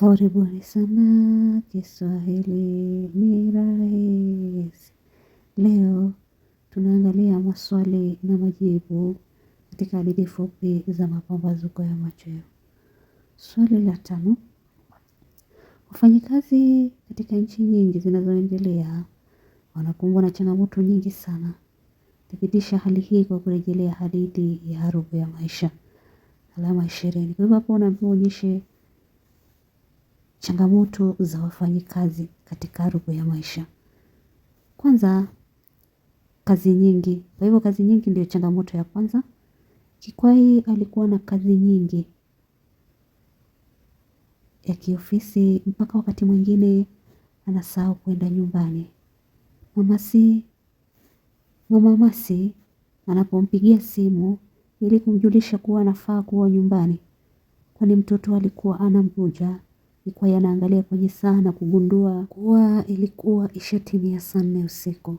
Karibuni sana Kiswahili ni rahisi. Leo tunaangalia maswali na majibu katika hadithi fupi za mapambazuko ya machweo. Swali la tano. Wafanyikazi katika nchi nyingi zinazoendelea wanakumbwa na changamoto nyingi sana. Thibitisha hali hii kwa kurejelea hadithi ya Harubu ya maisha. Alama ishirini. Kwa hivyo hapo unaambiwa uonyeshe Changamoto za wafanyikazi katika harubu ya maisha. Kwanza kazi nyingi. Kwa hivyo kazi nyingi ndio changamoto ya kwanza. Kikwai alikuwa na kazi nyingi ya kiofisi mpaka wakati mwingine anasahau kuenda nyumbani. Mamasi, mama masi anapompigia simu ili kumjulisha kuwa anafaa kuwa nyumbani. Kwani mtoto alikuwa ana Alikuwa yanaangalia kwenye saa na kugundua kuwa ilikuwa ishatimia saa nne usiku.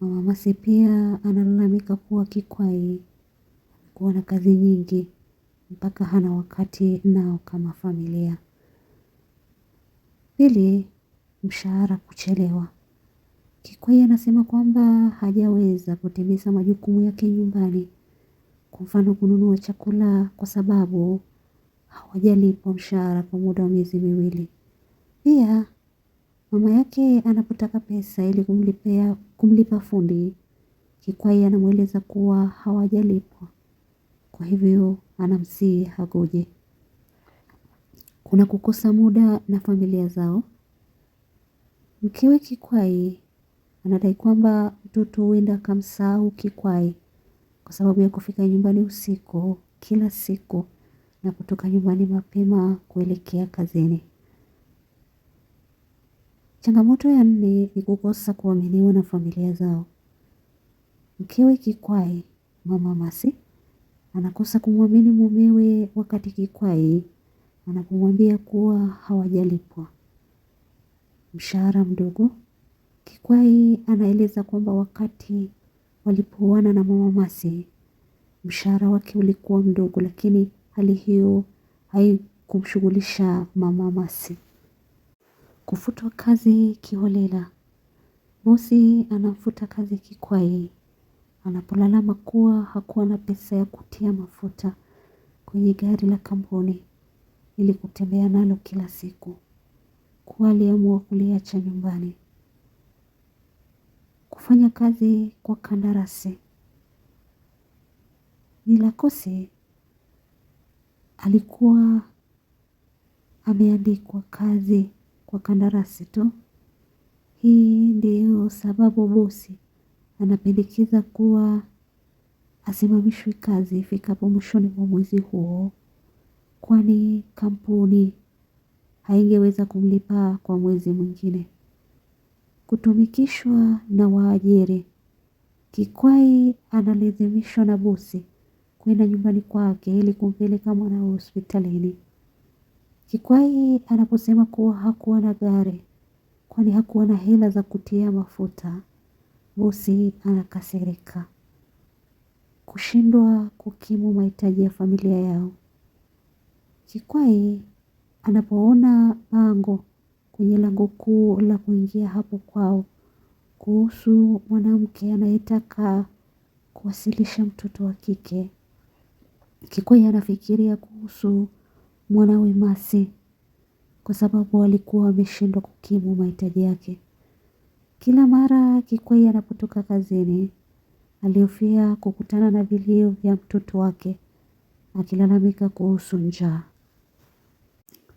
Mama Masi pia analalamika kuwa Kikwai kuwa na kazi nyingi mpaka hana wakati nao kama familia. Pili, mshahara kuchelewa. Kikwai anasema kwamba hajaweza kutimiza majukumu yake nyumbani, kwa mfano kununua chakula, kwa sababu hawajalipwa mshahara kwa muda wa miezi miwili. Pia mama yake anapotaka pesa ili kumlipea kumlipa fundi, Kikwai anamweleza kuwa hawajalipwa, kwa hivyo anamsihi agoje. Kuna kukosa muda na familia zao. Mkewe Kikwai anadai kwamba mtoto huenda akamsahau Kikwai kwa sababu ya kufika nyumbani usiku kila siku na kutoka nyumbani mapema kuelekea kazini. Changamoto ya nne ni kukosa kuaminiwa na familia zao. Mkewe kikwai, mama Masi, anakosa kumwamini mumewe wakati kikwai anapomwambia kuwa hawajalipwa mshahara mdogo. Kikwai anaeleza kwamba wakati walipooana na mama Masi mshahara wake ulikuwa mdogo, lakini hali hiyo haikumshughulisha Mama Masi. Kufutwa kazi kiholela. Bosi anamfuta kazi kikwai anapolalama kuwa hakuwa na pesa ya kutia mafuta kwenye gari la kampuni ili kutembea nalo kila siku, kuwa aliamua kuliacha nyumbani. Kufanya kazi kwa kandarasi ni la kosi alikuwa ameandikwa kazi kwa kandarasi tu. Hii ndiyo sababu bosi anapendekeza kuwa asimamishwe kazi ifikapo mwishoni mwa mwezi huo, kwani kampuni haingeweza kumlipa kwa mwezi mwingine. Kutumikishwa na waajiri. Kikwai analazimishwa na bosi kwenda nyumbani kwake ili kumpeleka mwanawe hospitalini. Kikwai anaposema kuwa hakuwa na gari kwani hakuwa na hela za kutia mafuta, bosi anakasirika kushindwa kukimu mahitaji ya familia yao. Kikwai anapoona bango kwenye lango kuu la kuingia hapo kwao kuhusu mwanamke anayetaka kuwasilisha mtoto wa kike, Kikwei anafikiria kuhusu mwanawe Masi kwa sababu alikuwa ameshindwa kukimu mahitaji yake. Kila mara Kikwei anapotoka kazini, alihofia kukutana na vilio vya mtoto wake akilalamika kuhusu njaa.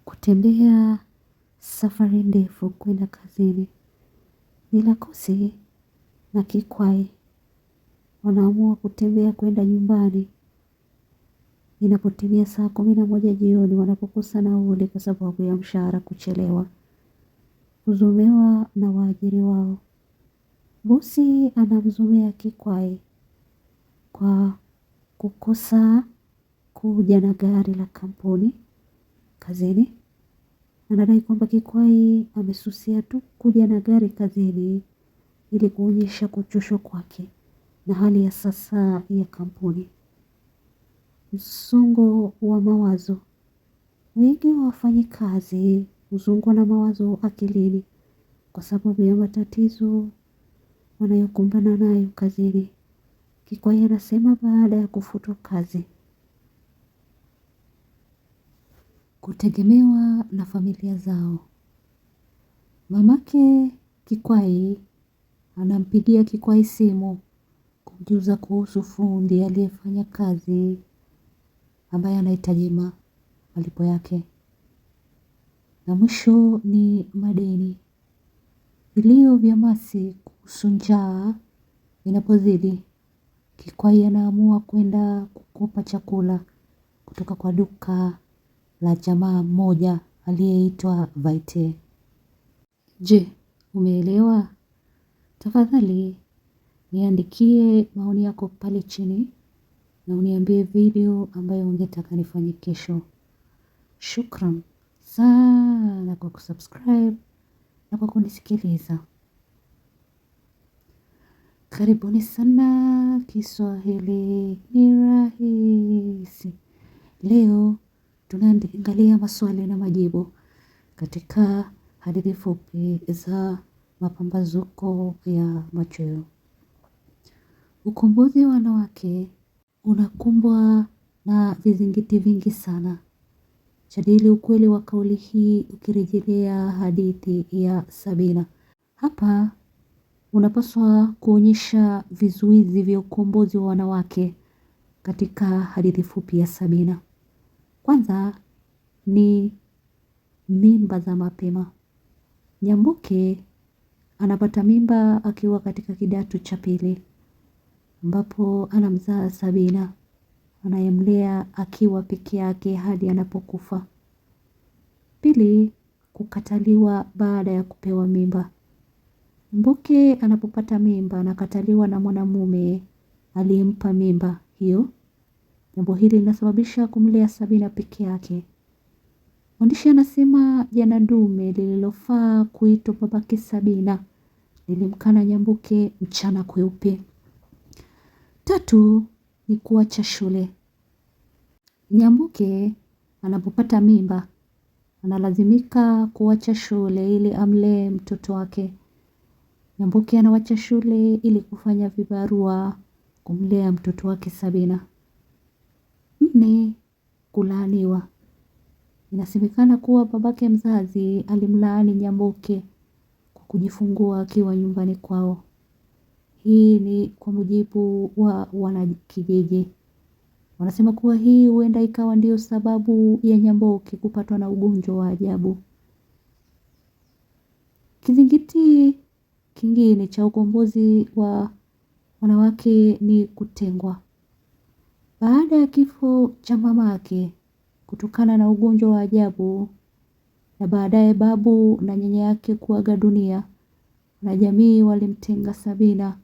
Kutembea safari ndefu kwenda kazini bila kosi na Kikwai wanaamua kutembea kwenda nyumbani Inapotimia saa kumi na moja jioni wanapokosa nauli kwa sababu ya mshahara kuchelewa, kuzumewa na waajiri wao. Bosi anamzumea Kikwai kwa kukosa kuja na gari la kampuni kazini. Anadai kwamba Kikwai amesusia tu kuja na gari kazini ili kuonyesha kuchoshwa kwake na hali ya sasa ya kampuni. Msongo wa mawazo. Wengi wa wafanyikazi huzongwa na mawazo akilini kwa sababu ya matatizo wanayokumbana nayo kazini. Kikwai anasema baada ya kufutwa kazi. Kutegemewa na familia zao. Mamake Kikwai anampigia Kikwai simu kumjuza kuhusu fundi aliyefanya kazi ambaye anahitaji malipo yake. Na mwisho ni madeni. Vilio vya masi kuhusu njaa vinapozidi, Kikwai anaamua kwenda kukopa chakula kutoka kwa duka la jamaa mmoja aliyeitwa Vaite. Je, umeelewa? Tafadhali niandikie maoni yako pale chini na uniambie video ambayo ungetaka nifanye kesho. Shukran sana kwa kusubscribe na kwa kunisikiliza. Karibuni sana Kiswahili ni rahisi. Leo tunaangalia maswali na majibu katika hadithi fupi za mapambazuko ya machweo. Ukombozi wanawake unakumbwa na vizingiti vingi sana. Jadili ukweli wa kauli hii ukirejelea hadithi ya Sabina. Hapa unapaswa kuonyesha vizuizi vya ukombozi wa wanawake katika hadithi fupi ya Sabina. Kwanza ni mimba za mapema. Nyambuke anapata mimba akiwa katika kidato cha pili ambapo anamzaa Sabina anayemlea akiwa peke yake hadi anapokufa. Pili, kukataliwa baada ya kupewa mimba. mbuke anapopata mimba anakataliwa na mwanamume aliyempa mimba hiyo. Jambo hili linasababisha kumlea Sabina peke yake. Mwandishi anasema jana dume lililofaa kuitwa babake Sabina lilimkana Nyambuke mchana kweupe. Tatu ni kuacha shule. Nyambuke anapopata mimba analazimika kuacha shule ili amlee mtoto wake. Nyambuke anawacha shule ili kufanya vibarua kumlea mtoto wake Sabina. Nne, kulaaniwa. Inasemekana kuwa babake mzazi alimlaani Nyambuke kwa kujifungua akiwa nyumbani kwao. Hii ni kwa mujibu wa wanakijiji. Wanasema kuwa hii huenda ikawa ndiyo sababu ya Nyamboke kupatwa na ugonjwa wa ajabu. Kizingiti kingine cha ukombozi wa wanawake ni kutengwa. Baada ya kifo cha mamake kutokana na ugonjwa wa ajabu na baadaye babu na nyanya yake kuaga dunia, wanajamii walimtenga Sabina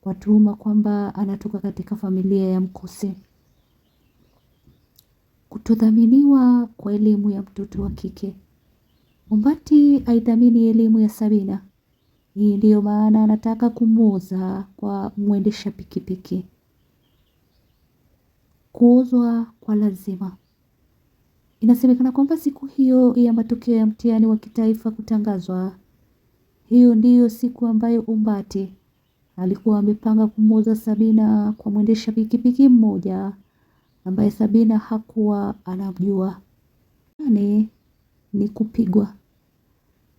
kwa tuhuma kwamba anatoka katika familia ya mkosi. Kutodhaminiwa kwa elimu ya mtoto wa kike. umbati aidhamini elimu ya Sabina. Hii ndiyo maana anataka kumwoza kwa mwendesha pikipiki. Kuozwa kwa lazima. Inasemekana kwamba siku hiyo ya matokeo ya mtihani wa kitaifa kutangazwa, hiyo ndiyo siku ambayo Umbati alikuwa amepanga kumuuza Sabina kwa mwendesha pikipiki mmoja ambaye Sabina hakuwa anamjua. Nane yaani, ni kupigwa.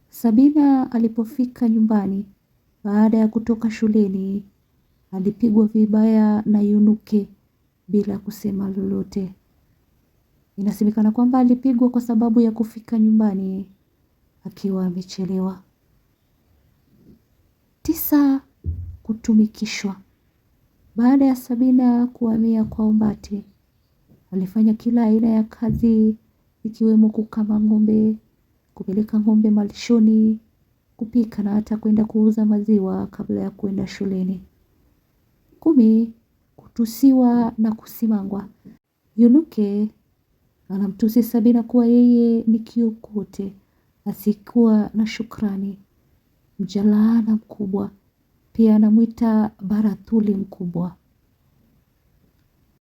Sabina alipofika nyumbani baada ya kutoka shuleni alipigwa vibaya na Yunuke bila kusema lolote. Inasemekana kwamba alipigwa kwa sababu ya kufika nyumbani akiwa amechelewa. Tisa kutumikishwa. Baada ya Sabina kuhamia kwa Umbati, alifanya kila aina ya kazi ikiwemo kukama ng'ombe, kupeleka ng'ombe malishoni, kupika na hata kwenda kuuza maziwa kabla ya kwenda shuleni. Kumi, kutusiwa na kusimangwa. Yunuke anamtusi Sabina kuwa yeye ni kiokote asikuwa na shukrani, mjalaana mkubwa pia anamwita Barathuli mkubwa.